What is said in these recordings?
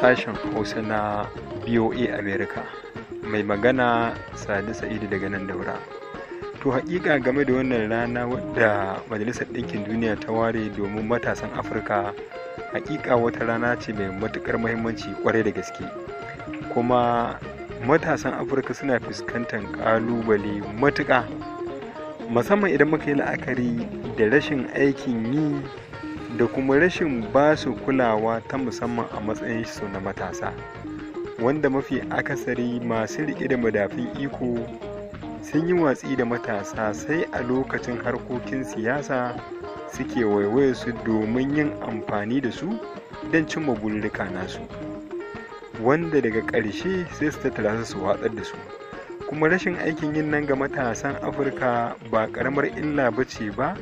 sashen hausa na boa america mai magana sadi sa'idu daga nan daura to haƙiƙa game da wannan rana wadda majalisar ɗinkin duniya ta ware domin matasan afirka haƙiƙa wata rana ce mai matukar muhimmanci kwarai da gaske kuma matasan afirka suna fuskantar kalubale matuƙa musamman idan muka yi la'akari da rashin aikin yi da kuma rashin ba su kulawa ta musamman a matsayin su na matasa wanda mafi akasari masu riƙe da madafin iko sun yi watsi da matasa sai a lokacin harkokin siyasa suke waiwaye su domin yin amfani da su don cimma burika nasu. wanda daga ƙarshe sai su tattara su watsar da su kuma rashin aikin yin nan ga matasan afirka ba ƙaramar illa ba ce ba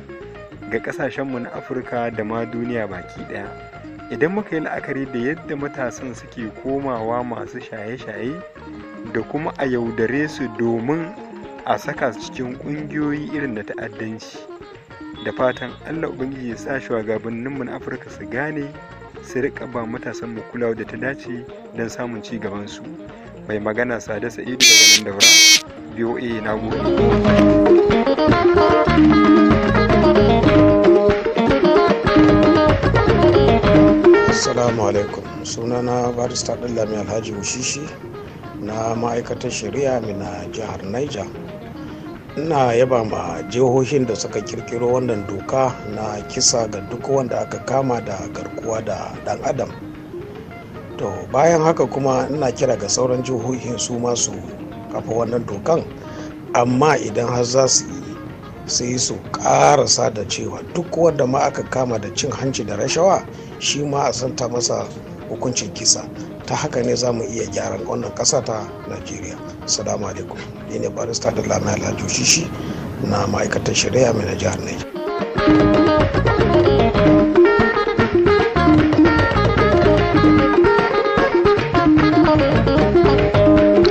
ga ƙasashenmu na afirka da ma duniya baki ɗaya idan muka yi la'akari da yadda matasan suke komawa masu shaye-shaye da kuma a yaudare su domin a saka su cikin ƙungiyoyi irin da ta'addanci da fatan allah ubangiji ya sa shugabanninmu na afirka su gane su rika ba matasan mu kulawa da ta dace don samun ci gaban su mai magana sada sa'idu daga nan daura boa na gobe assalamu alaikum sunana barista ɗan lami alhaji bushishi na ma'aikatar shari'a mina jihar niger ina yaba ma jihohin da suka kirkiro wannan doka na kisa ga duk wanda aka kama da garkuwa da dan adam to bayan haka kuma ina kira ga sauran jihohin su masu kafa wannan dokan amma idan har za su yi sai su karasa da cewa duk wanda ma aka kama da cin hanci da rashawa shi ma a santa masa hukuncin kisa ta haka ne za mu iya gyaran wannan ƙasa ta najeriya salamu alaikum ni ne barista da lami alhaji shishi na ma'aikatar shari'a mai na jihar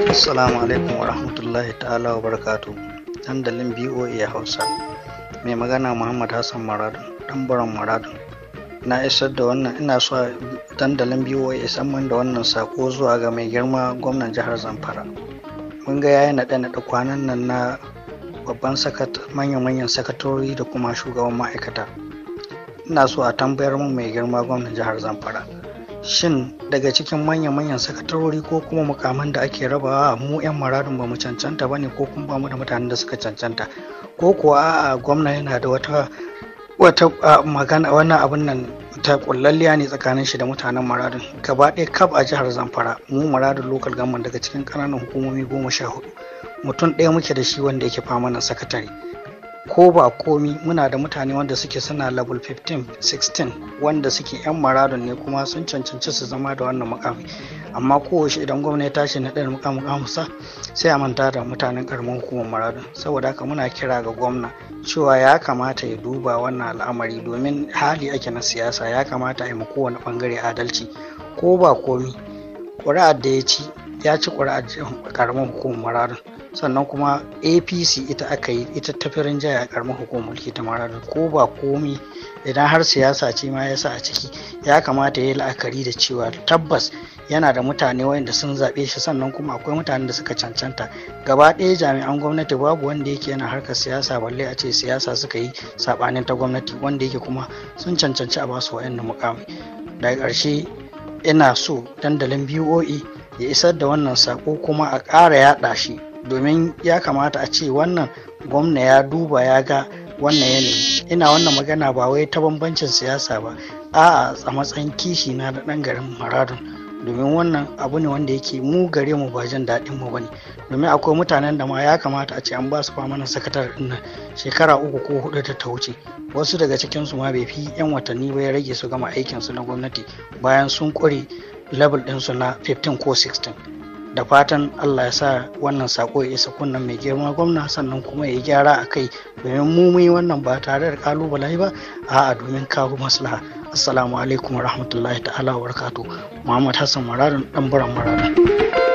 assalamu alaikum wa rahmatullahi ta'ala wa barakatu dandalin boa hausa mai magana muhammad hassan maradu ɗan baran maradu na isar da wannan ina so dandalin biyo ya isar min da wannan sako zuwa ga mai girma gwamnan jihar zamfara mun ga yayi naɗe naɗe kwanan nan na babban manya-manyan sakatori da kuma shugaban ma'aikata ina so a tambayar mun mai girma gwamnan jihar zamfara shin daga cikin manya-manyan sakatori ko kuma mukaman da ake rabawa mu 'yan maradin ba mu cancanta ba ne ko kuma ba mu da mutanen da suka cancanta ko kuwa a'a, gwamna yana da wata wata wannan abin nan ta kullalliya ne tsakanin shi da mutanen maradin gaba ɗaya kaf a jihar zamfara mu maradin lokal gamman daga cikin ƙananan hukumomi goma sha hudu mutum ɗaya muke da shi wanda yake fama na sakatare ko ba komi muna da mutane wanda suke suna level 15 16 wanda suke 'yan maradon ne kuma sun cancanci su zama da wannan mukami amma kowace idan gwamnati ta shi na ɗaya mukamin amsa sai a manta da mutanen karamin hukumar maradon saboda haka muna kira ga gwamna cewa ya kamata ya duba wannan al'amari domin hali ake na siyasa ya kamata a yi kowane bangare adalci ko ba komi ƙuri'ar da ya ci ya ci ƙuri'ar karamin hukumar maradon sannan kuma apc ita aka yi ita ta firin jaya a karamar hukumar mulki ta da ko ba komi idan har siyasa ce ma yasa a ciki ya kamata ya yi la'akari da cewa tabbas yana da mutane wayanda sun zaɓe shi sannan kuma akwai mutanen da suka cancanta gaba ɗaya jami'an gwamnati babu wanda yake yana harkar siyasa balle a ce siyasa suka yi saɓanin ta gwamnati wanda yake kuma sun cancanci a basu wayannan mukami daga ƙarshe ina so dandalin boe ya isar da wannan sako kuma a ƙara yaɗa shi domin ya kamata a ce wannan gwamna ya duba ya ga wannan yanayi ina wannan magana ba wai ta bambancin siyasa ba a'a a matsayin kishi na da ɗan garin maradun domin wannan abu ne wanda yake mu gare mu ba jin daɗin mu ba ne. domin akwai mutanen da ma ya kamata a ce an ba su na sakatar dinnan. shekara uku ko hudu ta ta wuce wasu daga cikin su ma bai fi yan watanni ba ya rage su gama aikin su na gwamnati bayan sun kure level ɗinsu na 15 ko 16 da fatan allah ya sa wannan sako ya isa kunnan mai girma gwamna sannan kuma ya yi gyara a kai domin mu muyi wannan ba tare da kalubale ba a'a domin kawo maslaha assalamu alaikum warahmatullahi ta'ala wa barakatuh muhammad hassan maradon dan buran maradon